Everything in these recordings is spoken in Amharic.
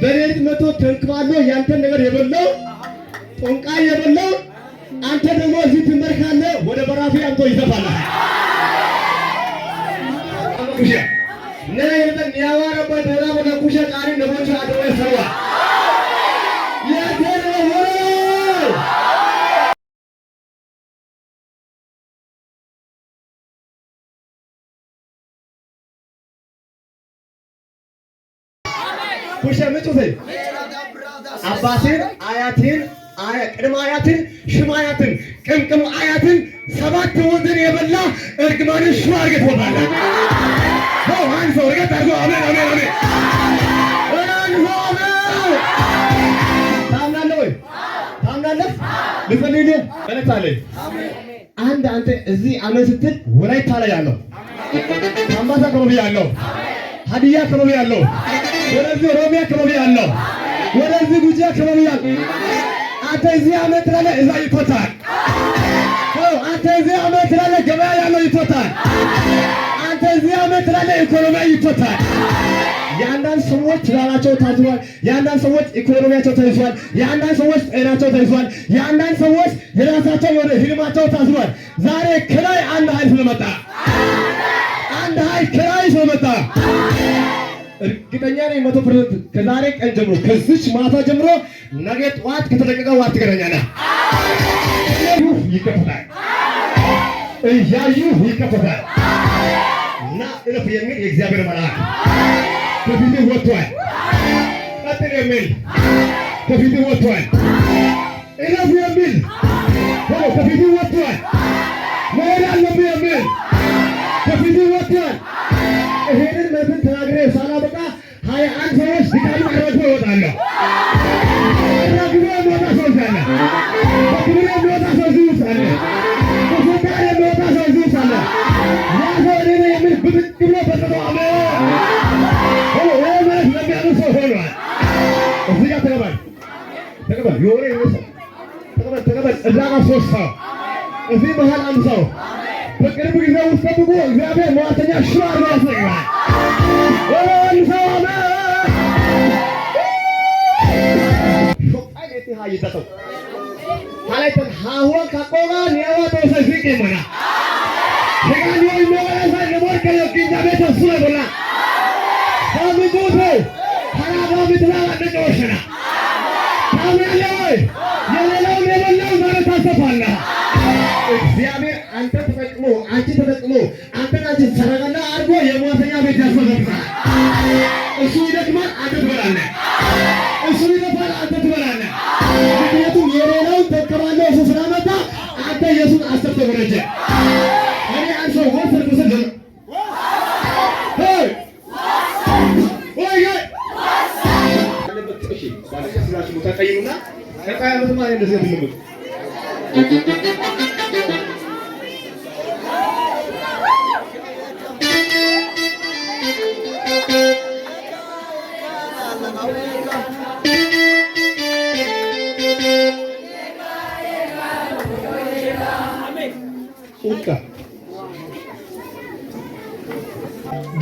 በሌሊት መቶ ተንከባሎ ያንተን ነገር የበላው ጦንቃ የበላው አንተ ደግሞ እዚህ ድንበር ካለ ወደ በራፊ አምቶ ይተፋለ ነ የጠን ያዋረበት ራ ወደ ኩሸ ቃሪ ነቦች አድሮ ይሰዋል ውሸምጡትን አባትን፣ አያትን፣ ቅድመ አያትን፣ ሽም አያትን፣ ቅምቅም አያትን ሰባት ወንድን የበላ እርግማን ሽባ አድርገህ ትወጣለህ። አንድ ሰው እርገጥ አድርጎ አሜን፣ አሜን፣ አሜን። ታምናለህ ወይ? ታምናለህ? አለኝ። አንድ አንተ እዚህ አሜን ስትል ወላይታ ላይ ያለው አምባሳ ቅርብ ያለው ሀዲያ ቅርብ ያለው ወደዚህ ኦሮሚያ አካባቢ ያለው ወደዚህ ጉጂ አካባቢ ያለው አንተ እዚህ ዓመት ላለ እዛ ይቶታል። አንተ እዚህ ዓመት ላለ ገበያ ያለው ይቶታል። አንተ እዚህ ዓመት ላለ ኢኮኖሚያ ይቶታል። የአንዳንድ ሰዎች ትዳራቸው ታዝሯል። የአንዳንድ ሰዎች ኢኮኖሚያቸው ተይዟል። የአንዳንድ ሰዎች ጤናቸው ተይዟል። የአንዳንድ ሰዎች የራሳቸው የሆነ ህልማቸው ታዝሯል። ዛሬ ክራይ አንድ ኃይል ስለመጣ አንድ ኃይል ክራይ ስለመጣ እርግጠኛ ነኝ መቶ ፐርሰንት ከዛሬ ቀን ጀምሮ ከዚች ማታ ጀምሮ ነገ ጠዋት ከተለቀቀው ዋር ትገናኛለህ። ይከፈታል፣ እያዩ ይከፈታል። እና እለፍ የሚል የእግዚአብሔር መልአክ ከፊት ወጥቷል። ቀጥል የሚል ከፊት ወጥቷል። እለፍ የሚል ከፊት ወጥቷል። መሄድ አለብህ የሚል ከፊት ወጥቷል። ሳላበቃ ሀያ አንድ ሰዎች ድካም ረግፎ ይወጣሉ። ረግፎ እዚህ መሀል አንድ ሰው በቅርብ ጊዜ ውስጥ ጠብቆ እግዚአብሔር መዋተኛ ሽባ አድርጎ ያስለቅቃል። አይጠጠው ካላይተን ሀሁን ካቆራ ኒያዋ ተወሰፊቅ ሞና ሸጋኒ ሞያሳ ለሞርከ ለኪንዳ ቤተ ሱለ ቦላ ሳሚጉቶ ካራባ ምትላላ ደቀወሸና ታምናለይ የሌላው የሌላው ማለት ታሰፋለ እግዚአብሔር አንተ ተጠቅሞ አንቺ ተጠቅሞ አንተ ናችን ሰረገላ አድርጎ የሟተኛ ቤት ያስመዘብታል። እሱ ይደክማል፣ አንተ ትበላለህ። አስተፈረጀ እኔ አንሶ ወፈር ወሰደ ሆይ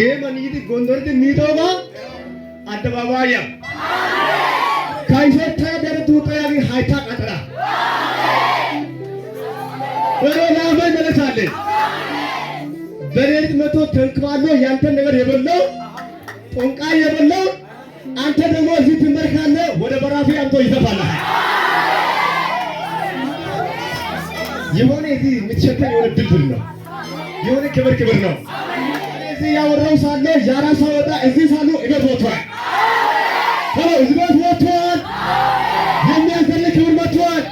ጌም అనేది గొందరికి నీతోగా అడ్డబాబాయ కైసే ఠా దర తూతయా వి హైఠా కతరా ወደ ላፈ በሌሊት መቶ ተንክባሎ ያንተን ነገር የበላው ጦንቃ የበላው አንተ ደግሞ እዚህ ትመርካለ ወደ በራፊ አምጦ ይዘፋል። የሆነ እዚህ የምትሸከም የሆነ ድልድል ነው። የሆነ ክብር ክብር ነው። እያወራሁ ሳለ ዣራ ሳወጣ እዚህ ሳሉ እቤት ወጥቷል። እቤት ወጥቷል። የሚያስፈልግ ክብር መጥቷል።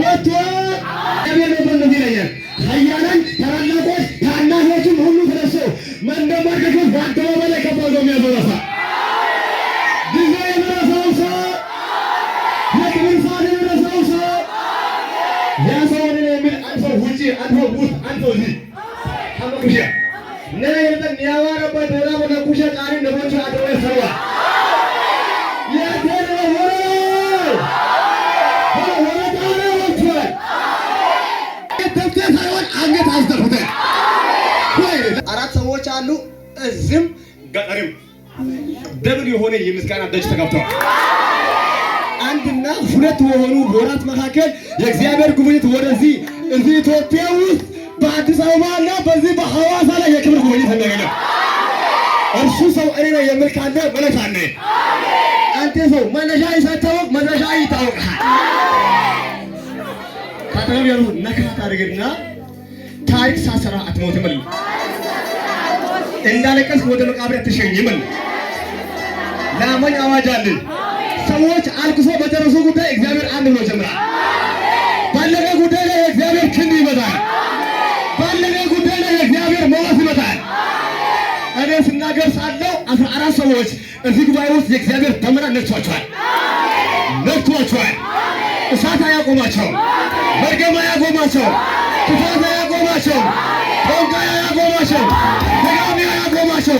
መጥቷል። እንደዚህ ይለኛል። ኃያላን ታላላቆች፣ ታናሾችም ሁሉ ተነስተው መንደማርቀቶች በአደባባይ ላይ ከባድ ነው የሚያዘረሳ ያ ሰው ውጭ አንድ ውስጥ አንድ ሰው እዚህ Yanayin yawa da bai da zamu na kushe አንገት አስደፉት። አራት ሰዎች አሉ እዝም ገጠርም ደብል የሆነ የምስጋና ደጅ ተጋብተዋል። አንድና ሁለት በሆኑ ወራት መካከል የእግዚአብሔር ጉብኝት ወደዚህ እዚህ ኢትዮጵያ ውስጥ በአዲስ አበባ እና በዚህ በሐዋሳ ላይ የክብር ጉብኝት እንደገና እርሱ ሰው እኔ ነው የምል ካለ መነሻ ነ አንተ ሰው መነሻ ሳይታወቅ መድረሻ ይታወቃል። ካጠገብ ያሉ ነካ ታድርግና ታሪክ ሳሰራ አትሞትም። እንዳለቀስ ወደ መቃብር አትሸኝም። ለአማኝ አዋጅ አለ። ሰዎች አልቅሶ በጨረሱ ጉዳይ እግዚአብሔር አንድ ብሎ ጀምራል። ባለቀ ጉዳይ ሀገር ሳለ አስራ አራት ሰዎች እዚህ ጉባኤ ውስጥ የእግዚአብሔር ደመና ነድቷቸዋል፣ ነድቷቸዋል። እሳት አያቆማቸው፣ መርገም አያቆማቸው፣ ክፋት አያቆማቸው፣ ቆንቃ አያቆማቸው፣ ተጋሚ አያቆማቸው።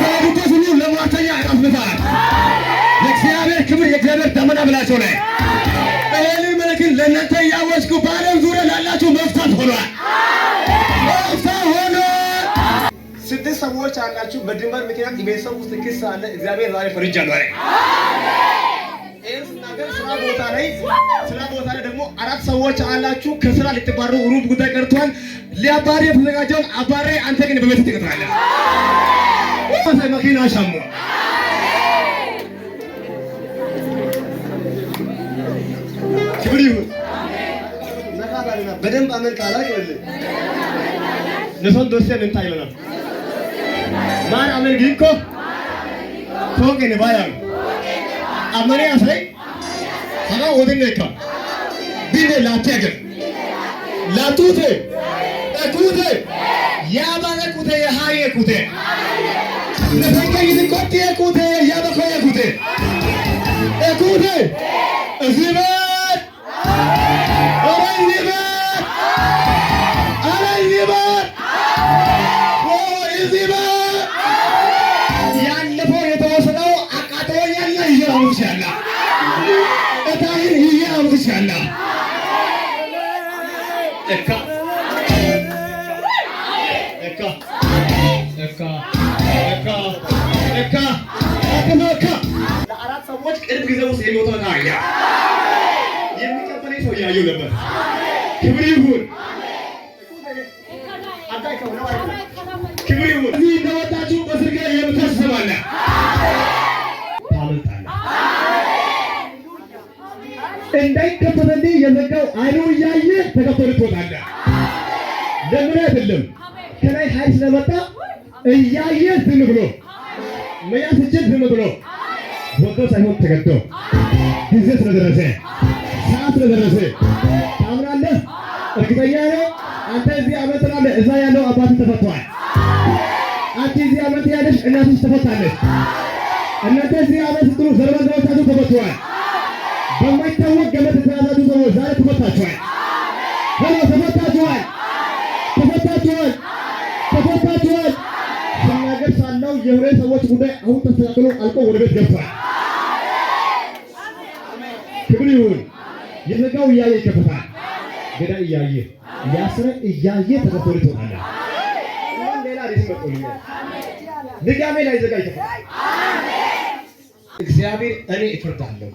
ተወዱበት ሁሉ ለሟተኛ ያጣፍታል። የእግዚአብሔር ክብር የእግዚአብሔር ደመና ብላቸው ላይ እህል መለክን ለእናንተ እያወጅኩ ባለ ሰዎች አላችሁ፣ በድንበር ምክንያት ቤተሰብ ውስጥ ክስ አለ። እግዚአብሔር ዛሬ ፈርጃለሁ። አለ። አሜን። ስራ ቦታ ላይ ስራ ቦታ ላይ ደግሞ አራት ሰዎች አላችሁ፣ ከስራ ልትባረሩ ሩብ ጉዳይ ቀርቷል። ሊያባሪ የተዘጋጀውን አባሪ፣ አንተ ግን በቤት ትቀጥላለህ። መኪና ሻሙ ክብር ይሁን። በደንብ አመልካላ ይል ንሶን ዶሴ ምንታ ይለናል મારા અમેરિકો ખોકે ને બાયા અમારે આ સહી હરા ઓદિન દેખા દીને લાચે કે લાતુ થે લાતુ થે યા બારે કુદે યા હે કુદે ને સહી કે ઇને કોતે કુદે યા બખો યા કુદે એ કુદે અઝીબા ጊዜ ውስጥ የሞተውን አያ የሚቀበለኝ ሰው እያየሁ ነበር። ክብር ይሁን፣ ክብር ይሁን። እዚህ እንደወጣችሁ በስርጋ የምታስባለ ታመልጣለ እንዳይከፈተልህ የዘጋው አይኑ እያየ ተከፈል ትወጣለ። ለምን አይደለም ከላይ ኃይል ስለመጣ እያየ ዝም ብሎ መያዝ ዝም ብሎ ወዶ ሳይሆን ተገዶ ጊዜ ስለደረሰ ሰዓት ስለደረሰ ታምናለህ። እርግጠኛ ነው። አንተ እዚህ ዓመት ትላለህ፣ እዛ ያለው አባት ተፈቷል። አንቺ እዚህ ዓመት ያለሽ እናትሽ ተፈታለች። እናንተ እዚህ ዓመት ስትሉ ዘመዶቻችሁ ተፈቷል። በማይታወቅ ገመድ የተያዛችሁ ሰዎች ዛሬ ተፈታችኋል። ሄሎ ተፈታችኋል፣ ተፈታችኋል፣ ተፈታችኋል። ስናገር ሳለው የሁለት ሰዎች ጉዳይ አሁን ተስተካክሎ አልቆ ወደ ቤት ገብቷል። ይሁን። የነጋው እያየ ይከፍታል። ገዳ እያየ እያስረ እያየ ተከፍቶ ትወጣለህ። ሌላ አዲስ መጥቶልኛል። ድጋሜ ላይ ዘጋ ይከፍታል። እግዚአብሔር እኔ እፈርዳለሁ።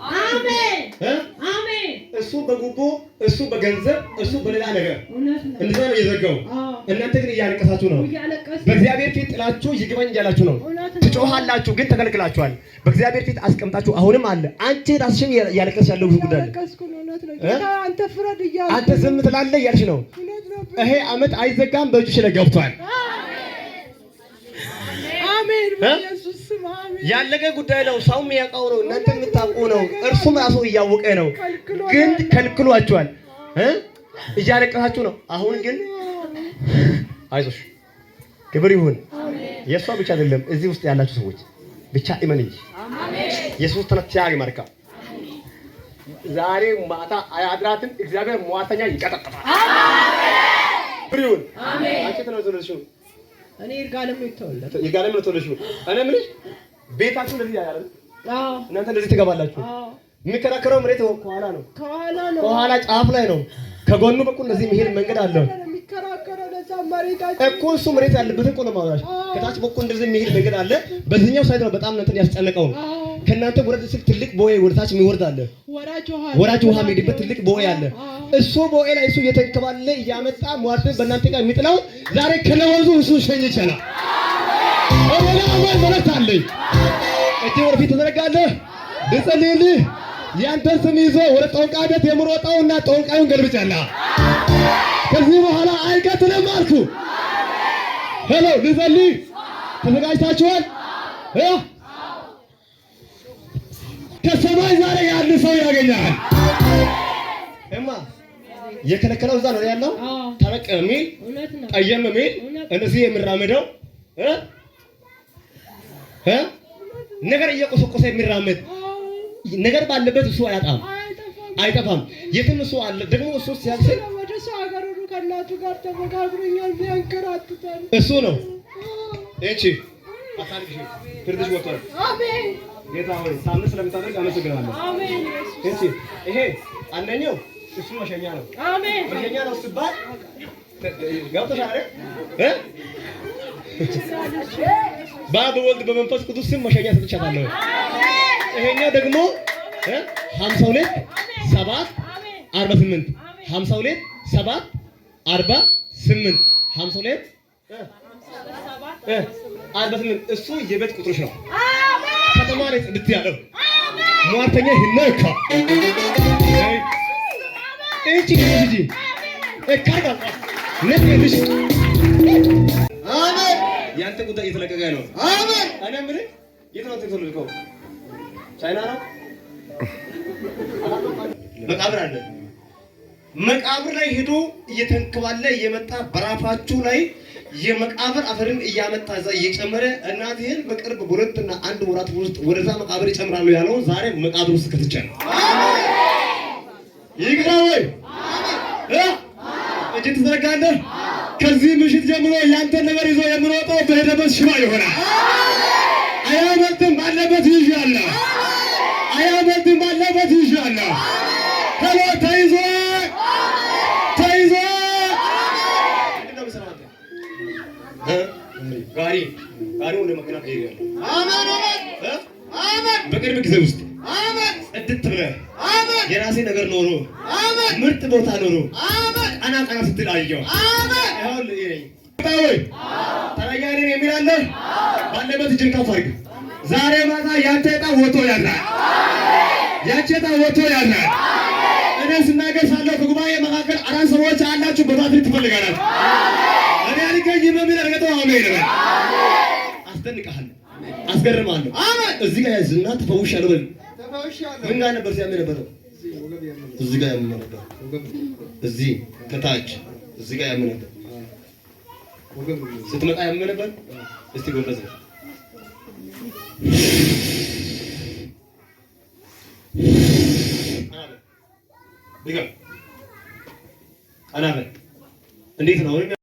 አሜን። እሱ በጉቦ እሱ በገንዘብ እሱ በሌላ ነገር እንደዛ ነው የዘጋው። እናንተ ግን እያለቀሳችሁ ነው። በእግዚአብሔር ፊት ጥላችሁ ይግባኝ እያላችሁ ነው። ትጮሃላችሁ፣ ግን ተከልክላችኋል። በእግዚአብሔር ፊት አስቀምጣችሁ አሁንም አለ። አንቺ ራስሽን እያለቀስሽ ያለው ብዙ ጉዳይ አንተ ዝም ትላለህ እያልሽ ነው። ይሄ አመት አይዘጋም፣ በእጅሽ ላይ ገብቷል። ያለቀ ጉዳይ ነው። ሰው የሚያውቀው ነው። እናንተ የምታውቁ ነው። እርሱም ራሱ እያወቀ ነው፣ ግን ከልክሏችኋል። እያለቀሳችሁ ነው። አሁን ግን አይዞሽ፣ ክብር ይሁን የእሷ ብቻ አይደለም፣ እዚህ ውስጥ ያላችሁ ሰዎች ብቻ እመን እንጂ የሱስ ተነትያሪ ማርካ ዛሬ ማታ አያድራትም። እግዚአብሔር ሟርተኛ ይቀጠቅጣል። እናንተ እንደዚህ ትገባላችሁ። የሚከራከረው መሬት ከኋላ ነው፣ ከኋላ ጫፍ ላይ ነው። ከጎኑ በኩል እንደዚህ መሄድ መንገድ አለው። እኮ እሱ መሬት ያለበትን እኮ ነው የማወራሽ። ከታች በኩል እንደዚህ የሚሄድ ነገር አለ። በዚህኛው ሳይድ ነው በጣም እንትን ያስጨነቀው ነው። ከእናንተ ወረድ ስል ትልቅ ቦይ ወደታች የሚወርድ አለ። ወራጅ ውሃ የሚሄድበት ትልቅ ቦይ አለ። እሱ ቦይ ላይ እሱ እየተንከባለ እያመጣ ሟርት በእናንተ ጋር የሚጥለው ዛሬ ከነወዙ እሱ ሸኝ ይችላል። ወላ ወል መለት አለኝ እጄ ወደፊት ተዘረጋለህ ብጸልይልህ ያንተን ስም ይዞ ወደ ጦንቃ ቤት የምሮጠውና ጦንቃዩን ገልብጫለሁ። ከዚህ በኋላ አይቀጥልም አልኩ። ሄሎ ልጸልይ፣ ተዘጋጅታችኋል? ከሰማይ ዛሬ ያን ሰው ያገኛል። እማ የከለከለው እዛ ነው ያለው። ተረቅ የሚል ጠየም የሚል እነዚህ የሚራመደው ነገር እየቆሰቆሰ የሚራመድ ነገር ባለበት እሱ አያጣም፣ አይጠፋም። የትም እሱ አለ ደግሞ እሱ ሲያስል ከእናቱ ጋር ተመካክሮኛል። ቢያንከራትታል እሱ ነው። እቺ ፍርድሽ ወጥቷል። አሜን። ጌታ ሆይ ስለምታደርግ አመሰግናለሁ። አሜን። እቺ ይሄ አንደኛው እሱ መሸኛ ነው። አሜን። መሸኛ ነው ሲባል በአብ ወልድ በመንፈስ ቅዱስ ስም መሸኛ ሰጥቻታለሁ። ይሄኛው ደግሞ 52 7 48 52 7 አርባ ስምንት ሀምሳ ሁለት አርባ ስምንት እሱ የቤት ቁጥሮች ነው። ከተማ ላይ ጽድት ያለው ሟርተኛ ይነካ እቺ ልጅ እካርጋ ልጅ አሜን። ያንተ ጉዳይ እየተለቀቀ ነው። አሜን። እኔ ምን የት ነው ተሰልልከው? ቻይና ነው መቃብር አለ መቃብር ላይ ሄዶ እየተንከባለ እየመጣ በራፋችሁ ላይ የመቃብር አፈርን እያመጣ እዛ እየጨመረ እናትህን በቅርብ ሁለትና አንድ ወራት ውስጥ ወደዛ መቃብር ይጨምራሉ ያለውን ዛሬ መቃብር ውስጥ ከተጨነ ይግራ ወይ እጅ ትዘረጋለህ። ከዚህ ምሽት ጀምሮ ያንተን ነገር ይዞ የምንወጣው በሄደበት ሽባ ይሆናል። አያመልጥም፣ ባለበት ይዣለሁ። አያመልጥም፣ ባለበት ይዣለሁ። ተይዞ በቅርብ ጊዜ ውስጥ ጽድት ብለህ የራሴ ነገር ኖሮ ምርጥ ቦታ ኖሮ ቀና ቀና ስትል አየሁ። ተናጋሪ የሚላለህ ባለበት እጅን ከፍ አድርግ። ዛሬ ማታ ያንተ ዕጣ ወጥቶ ያድራል። ያንቺ ዕጣ ወጥቶ ያድራል። እኔ ስናገር ሳለሁ ከጉባኤ መካከል አራት ሰዎች አላችሁ በባትሪ ትፈልጋላችሁ በዚህ በሚል እርግጠው አሜን ነው። አስደንቅሃለሁ፣ አስገርማለሁ። አሜን። እዚህ ጋር ያዝና ተፈውሻለሁ በል። ምን ጋር ነበር ሲያመኝ ነበር? እዚህ ጋር ያመኝ ነበር። እዚህ ከታች እዚህ ጋር ያመኝ ነበር። ስትመጣ ያመኝ ነበር። እስቲ ጎበዝ ነው አናበ እንዴት ነው?